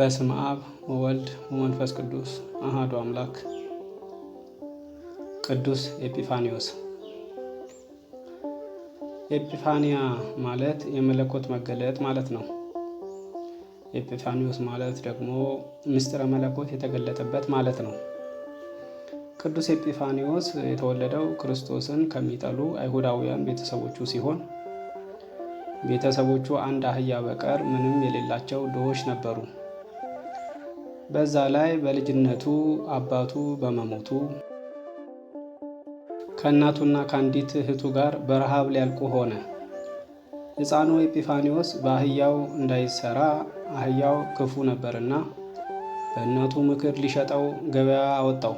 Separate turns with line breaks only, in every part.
በስም አብ ወወልድ ወመንፈስ ቅዱስ አሃዱ አምላክ። ቅዱስ ኤጲፋኒዎስ። ኤጲፋኒያ ማለት የመለኮት መገለጥ ማለት ነው። ኤጲፋኒዎስ ማለት ደግሞ ምስጢረ መለኮት የተገለጠበት ማለት ነው። ቅዱስ ኤጲፋኒዎስ የተወለደው ክርስቶስን ከሚጠሉ አይሁዳውያን ቤተሰቦቹ ሲሆን ቤተሰቦቹ አንድ አህያ በቀር ምንም የሌላቸው ድሆች ነበሩ። በዛ ላይ በልጅነቱ አባቱ በመሞቱ ከእናቱና ከአንዲት እህቱ ጋር በረሃብ ሊያልቁ ሆነ። ሕፃኑ ኤጲፋኒዎስ በአህያው እንዳይሰራ አህያው ክፉ ነበርና በእናቱ ምክር ሊሸጠው ገበያ አወጣው።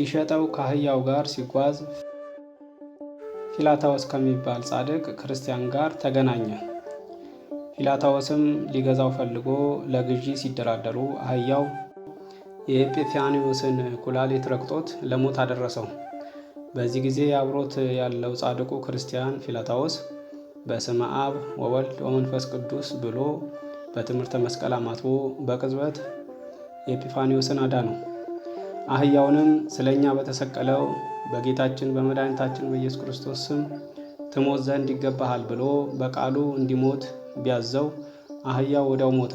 ሊሸጠው ከአህያው ጋር ሲጓዝ ፊላታዎስ ከሚባል ጻድቅ ክርስቲያን ጋር ተገናኘ። ፊላታዎስም ሊገዛው ፈልጎ ለግዢ ሲደራደሩ አህያው የኤጲፋንዮስን ኩላሊት ረግጦት ለሞት አደረሰው። በዚህ ጊዜ አብሮት ያለው ጻድቁ ክርስቲያን ፊላታዎስ በስመ አብ ወወልድ ወመንፈስ ቅዱስ ብሎ በትምህርተ መስቀል አማትቦ በቅጽበት አዳ ነው። አህያውንም ስለ እኛ በተሰቀለው በጌታችን በመድኃኒታችን በኢየሱስ ክርስቶስ ስም ትሞት ዘንድ ይገባሃል ብሎ በቃሉ እንዲሞት ቢያዘው አህያው ወዲያው ሞተ።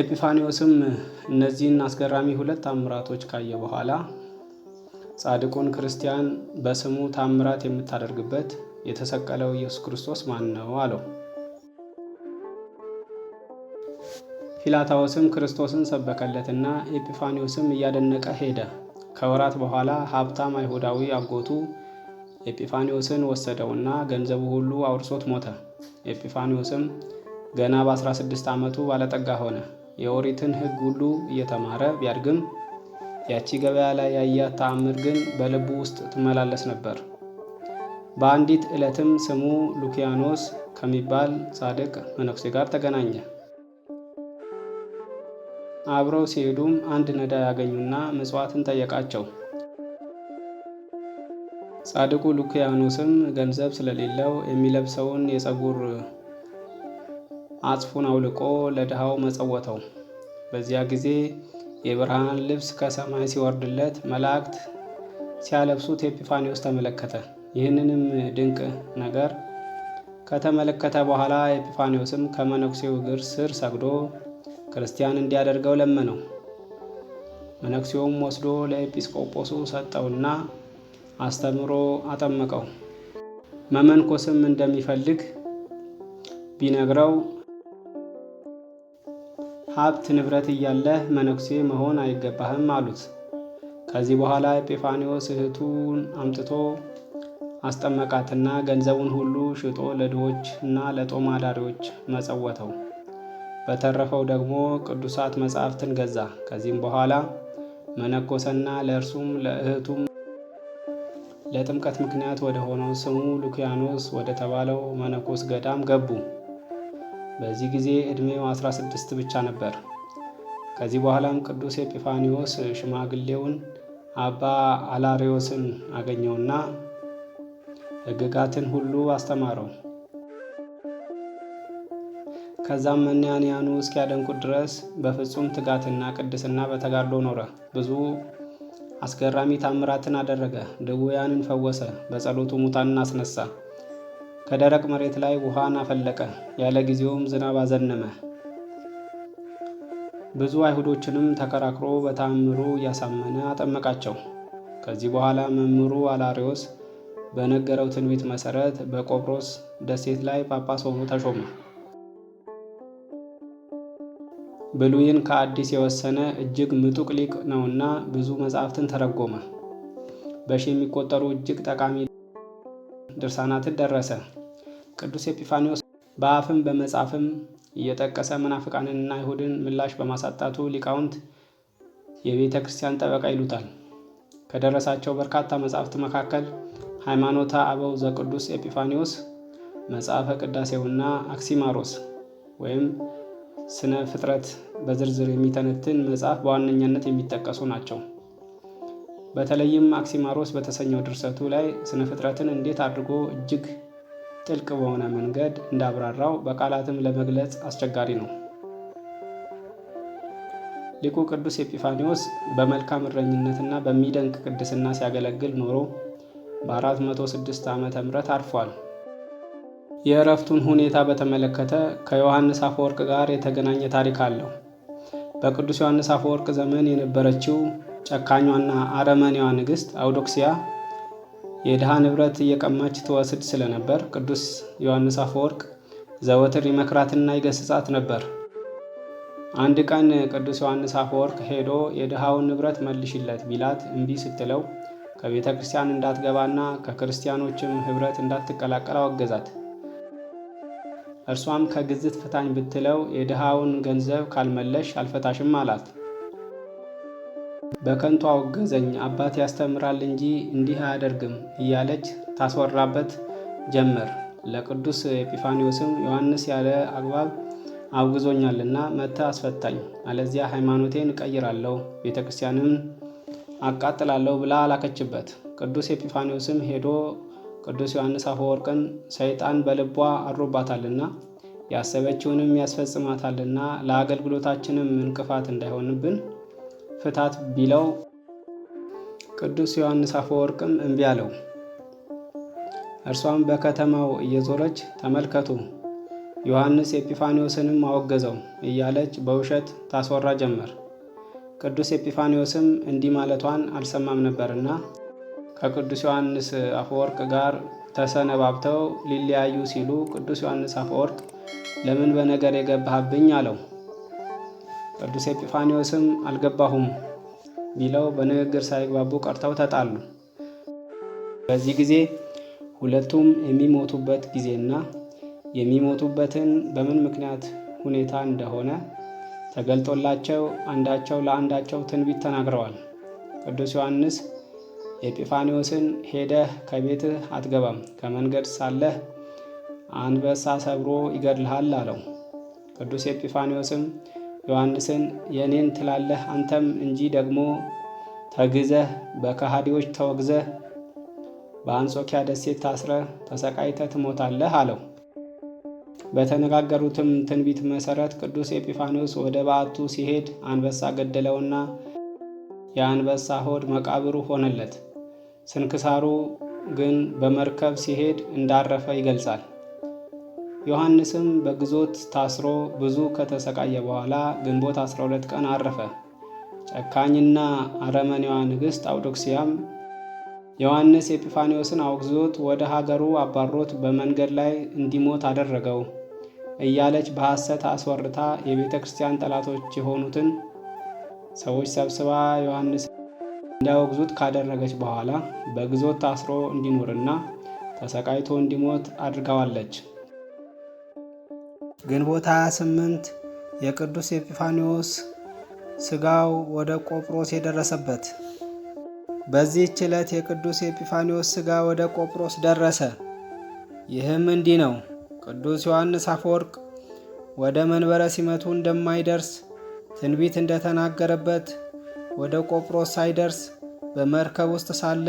ኤጲፋኒዎስም እነዚህን አስገራሚ ሁለት ታምራቶች ካየ በኋላ ጻድቁን ክርስቲያን በስሙ ታምራት የምታደርግበት የተሰቀለው ኢየሱስ ክርስቶስ ማን ነው? አለው። ፊላታዎስም ክርስቶስን ሰበከለትና ኤጲፋኒዎስም እያደነቀ ሄደ። ከወራት በኋላ ሀብታም አይሁዳዊ አጎቱ ኤጲፋኒዎስን ወሰደውና ገንዘቡ ሁሉ አውርሶት ሞተ። ኤጲፋኒዎስም ገና በ16 ዓመቱ ባለጠጋ ሆነ። የኦሪትን ሕግ ሁሉ እየተማረ ቢያድግም ያቺ ገበያ ላይ ያያት ተአምር ግን በልቡ ውስጥ ትመላለስ ነበር። በአንዲት ዕለትም ስሙ ሉኪያኖስ ከሚባል ጻድቅ መነኩሴ ጋር ተገናኘ። አብረው ሲሄዱም አንድ ነዳ ያገኙና ምጽዋትን ጠየቃቸው። ጻድቁ ሉኪያኖስም ገንዘብ ስለሌለው የሚለብሰውን የፀጉር አጽፉን አውልቆ ለድሃው መጸወተው። በዚያ ጊዜ የብርሃን ልብስ ከሰማይ ሲወርድለት መላእክት ሲያለብሱት ኤጲፋኒዎስ ተመለከተ። ይህንንም ድንቅ ነገር ከተመለከተ በኋላ ኤጲፋኒዎስም ከመነኩሴው እግር ስር ሰግዶ ክርስቲያን እንዲያደርገው ለመነው። መነኩሴውም ወስዶ ለኤጲስቆጶሱ ሰጠውና አስተምሮ አጠመቀው። መመንኮስም እንደሚፈልግ ቢነግረው ሀብት ንብረት እያለህ መነኩሴ መሆን አይገባህም አሉት። ከዚህ በኋላ ኤጲፋኒዎስ እህቱን አምጥቶ አስጠመቃትና ገንዘቡን ሁሉ ሽጦ ለድሆች እና ለጦም አዳሪዎች መጸወተው። በተረፈው ደግሞ ቅዱሳት መጻሕፍትን ገዛ። ከዚህም በኋላ መነኮሰና ለእርሱም ለእህቱም ለጥምቀት ምክንያት ወደ ሆነው ስሙ ሉኪያኖስ ወደ ተባለው መነኮስ ገዳም ገቡ። በዚህ ጊዜ ዕድሜው 16 ብቻ ነበር። ከዚህ በኋላም ቅዱስ ኤጲፋኒዎስ ሽማግሌውን አባ አላሪዮስን አገኘውና ሕግጋትን ሁሉ አስተማረው። ከዛም መናንያኑ እስኪያደንቁት ድረስ በፍጹም ትጋትና ቅድስና በተጋድሎ ኖረ ብዙ አስገራሚ ታምራትን አደረገ፣ ድውያንን ፈወሰ፣ በጸሎቱ ሙታንን አስነሳ። ከደረቅ መሬት ላይ ውሃን አፈለቀ፣ ያለ ጊዜውም ዝናብ አዘነመ። ብዙ አይሁዶችንም ተከራክሮ በታምሩ እያሳመነ አጠመቃቸው። ከዚህ በኋላ መምህሩ አላሪዎስ በነገረው ትንቢት መሰረት በቆጵሮስ ደሴት ላይ ጳጳስ ሆኖ ተሾመ። ብሉይን ከአዲስ የወሰነ እጅግ ምጡቅ ሊቅ ነውና ብዙ መጻሕፍትን ተረጎመ። በሺ የሚቆጠሩ እጅግ ጠቃሚ ድርሳናትን ደረሰ። ቅዱስ ኤጲፋኒዎስ በአፍም በመጻፍም እየጠቀሰ መናፍቃንንና አይሁድን ምላሽ በማሳጣቱ ሊቃውንት የቤተ ክርስቲያን ጠበቃ ይሉታል። ከደረሳቸው በርካታ መጻሕፍት መካከል ሃይማኖተ አበው ዘቅዱስ ኤጲፋኒዎስ፣ መጽሐፈ ቅዳሴውና አክሲማሮስ ወይም ስነ ፍጥረት በዝርዝር የሚተነትን መጽሐፍ በዋነኛነት የሚጠቀሱ ናቸው። በተለይም አክሲማሮስ በተሰኘው ድርሰቱ ላይ ስነ ፍጥረትን እንዴት አድርጎ እጅግ ጥልቅ በሆነ መንገድ እንዳብራራው በቃላትም ለመግለጽ አስቸጋሪ ነው። ሊቁ ቅዱስ ኤጲፋኒዎስ በመልካም እረኝነትና በሚደንቅ ቅድስና ሲያገለግል ኖሮ በ406 ዓመተ ምህረት አርፏል። የእረፍቱን ሁኔታ በተመለከተ ከዮሐንስ አፈወርቅ ጋር የተገናኘ ታሪክ አለው። በቅዱስ ዮሐንስ አፈወርቅ ዘመን የነበረችው ጨካኟና አረመኔዋ ንግሥት አውዶክሲያ የድሃ ንብረት እየቀማች ትወስድ ስለነበር ቅዱስ ዮሐንስ አፈወርቅ ዘወትር ይመክራትና ይገስጻት ነበር። አንድ ቀን ቅዱስ ዮሐንስ አፈወርቅ ሄዶ የድሃውን ንብረት መልሽለት ቢላት እምቢ ስትለው ከቤተ ክርስቲያን እንዳትገባና ከክርስቲያኖችም ኅብረት እንዳትቀላቀል አወገዛት። እርሷም ከግዝት ፍታኝ ብትለው የድሃውን ገንዘብ ካልመለሽ አልፈታሽም አላት። በከንቱ አወገዘኝ፣ አባት ያስተምራል እንጂ እንዲህ አያደርግም እያለች ታስወራበት ጀመር። ለቅዱስ ኤጲፋኒዎስም ዮሐንስ ያለ አግባብ አውግዞኛልና መተ አስፈታኝ፣ አለዚያ ሃይማኖቴን እቀይራለሁ፣ ቤተ ክርስቲያንም አቃጥላለሁ ብላ አላከችበት! ቅዱስ ኤጲፋኒዎስም ሄዶ ቅዱስ ዮሐንስ አፈወርቅን ሰይጣን በልቧ አድሮባታልና ያሰበችውንም ያስፈጽማታልና ለአገልግሎታችንም እንቅፋት እንዳይሆንብን ፍታት ቢለው ቅዱስ ዮሐንስ አፈወርቅም እምቢ አለው። እርሷም በከተማው እየዞረች ተመልከቱ ዮሐንስ ኤጲፋኒዎስንም አወገዘው እያለች በውሸት ታስወራ ጀመር። ቅዱስ ኤጲፋኒዎስም እንዲህ ማለቷን አልሰማም ነበርና ከቅዱስ ዮሐንስ አፈወርቅ ጋር ተሰነባብተው ሊለያዩ ሲሉ ቅዱስ ዮሐንስ አፈወርቅ ለምን በነገር የገባህብኝ አለው። ቅዱስ ኤጲፋኒዎስም አልገባሁም ቢለው በንግግር ሳይግባቡ ቀርተው ተጣሉ። በዚህ ጊዜ ሁለቱም የሚሞቱበት ጊዜና የሚሞቱበትን በምን ምክንያት ሁኔታ እንደሆነ ተገልጦላቸው አንዳቸው ለአንዳቸው ትንቢት ተናግረዋል። ቅዱስ ዮሐንስ ኤጲፋኒዎስን ሄደህ ከቤትህ አትገባም፣ ከመንገድ ሳለህ አንበሳ ሰብሮ ይገድልሃል አለው። ቅዱስ ኤጲፋኒዎስም ዮሐንስን የእኔን ትላለህ አንተም እንጂ ደግሞ ተግዘህ በከሃዲዎች ተወግዘህ በአንጾኪያ ደሴት ታስረ ተሰቃይተህ ትሞታለህ አለው። በተነጋገሩትም ትንቢት መሰረት ቅዱስ ኤጲፋኒዎስ ወደ በዓቱ ሲሄድ አንበሳ ገደለውና የአንበሳ ሆድ መቃብሩ ሆነለት። ስንክሳሩ ግን በመርከብ ሲሄድ እንዳረፈ ይገልጻል። ዮሐንስም በግዞት ታስሮ ብዙ ከተሰቃየ በኋላ ግንቦት 12 ቀን አረፈ። ጨካኝና አረመኔዋ ንግሥት አውዶክሲያም ዮሐንስ ኤጲፋንዮስን አውግዞት ወደ ሀገሩ አባሮት በመንገድ ላይ እንዲሞት አደረገው እያለች በሐሰት አስወርታ የቤተ ክርስቲያን ጠላቶች የሆኑትን ሰዎች ሰብስባ ዮሐንስ እንዳይወግዙት ካደረገች በኋላ በግዞት ታስሮ እንዲኖርና ተሰቃይቶ እንዲሞት አድርገዋለች። ግንቦት 28 የቅዱስ ኤጲፋኒዎስ ስጋው ወደ ቆጵሮስ የደረሰበት። በዚህች ዕለት የቅዱስ ኤጲፋኒዎስ ስጋ ወደ ቆጵሮስ ደረሰ። ይህም እንዲህ ነው። ቅዱስ ዮሐንስ አፈወርቅ ወደ መንበረ ሲመቱ እንደማይደርስ ትንቢት እንደተናገረበት ወደ ቆጵሮስ ሳይደርስ በመርከብ ውስጥ ሳለ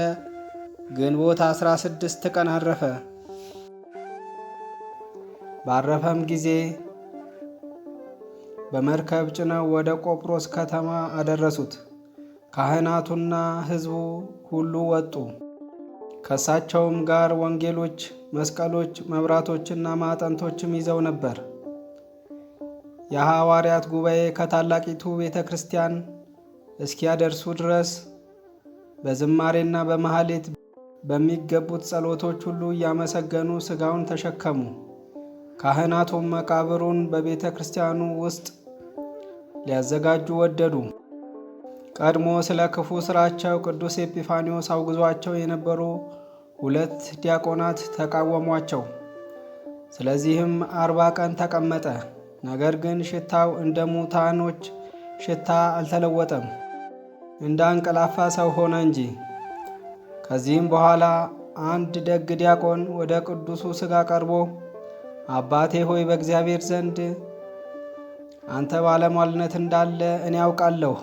ግንቦት 16 ቀን አረፈ። ባረፈም ጊዜ በመርከብ ጭነው ወደ ቆጵሮስ ከተማ አደረሱት። ካህናቱና ሕዝቡ ሁሉ ወጡ። ከእሳቸውም ጋር ወንጌሎች፣ መስቀሎች፣ መብራቶችና ማዕጠንቶችም ይዘው ነበር። የሐዋርያት ጉባኤ ከታላቂቱ ቤተ ክርስቲያን እስኪያደርሱ ድረስ በዝማሬና በመሐሌት በሚገቡት ጸሎቶች ሁሉ እያመሰገኑ ሥጋውን ተሸከሙ። ካህናቱም መቃብሩን በቤተ ክርስቲያኑ ውስጥ ሊያዘጋጁ ወደዱ። ቀድሞ ስለ ክፉ ሥራቸው ቅዱስ ኤጲፋኒዎስ አውግዟቸው የነበሩ ሁለት ዲያቆናት ተቃወሟቸው። ስለዚህም አርባ ቀን ተቀመጠ። ነገር ግን ሽታው እንደ ሙታኖች ሽታ አልተለወጠም። እንዳንቀላፋ ሰው ሆነ እንጂ። ከዚህም በኋላ አንድ ደግ ዲያቆን ወደ ቅዱሱ ሥጋ ቀርቦ አባቴ ሆይ በእግዚአብሔር ዘንድ አንተ ባለሟልነት እንዳለ እኔ ያውቃለሁ።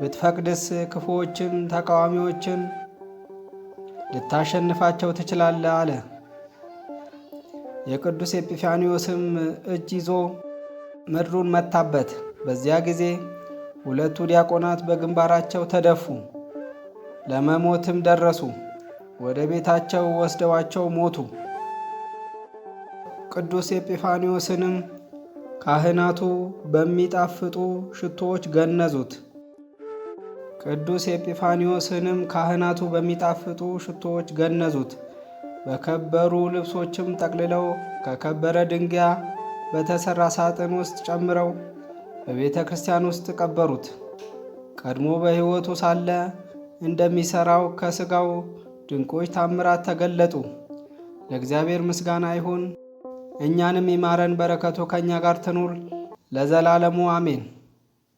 ብትፈቅድስ ክፉዎችን፣ ተቃዋሚዎችን ልታሸንፋቸው ትችላለህ አለ። የቅዱስ ኤጲፋንዮስም እጅ ይዞ ምድሩን መታበት። በዚያ ጊዜ ሁለቱ ዲያቆናት በግንባራቸው ተደፉ፣ ለመሞትም ደረሱ። ወደ ቤታቸው ወስደዋቸው ሞቱ። ቅዱስ ኤጲፋኒዎስንም ካህናቱ በሚጣፍጡ ሽቶዎች ገነዙት። ቅዱስ ኤጲፋኒዎስንም ካህናቱ በሚጣፍጡ ሽቶዎች ገነዙት። በከበሩ ልብሶችም ጠቅልለው ከከበረ ድንጋይ በተሠራ ሳጥን ውስጥ ጨምረው በቤተ ክርስቲያን ውስጥ ቀበሩት። ቀድሞ በሕይወቱ ሳለ እንደሚሠራው ከሥጋው ድንቆች ታምራት ተገለጡ። ለእግዚአብሔር ምስጋና ይሁን። እኛንም ይማረን፣ በረከቱ ከእኛ ጋር ትኑር ለዘላለሙ አሜን።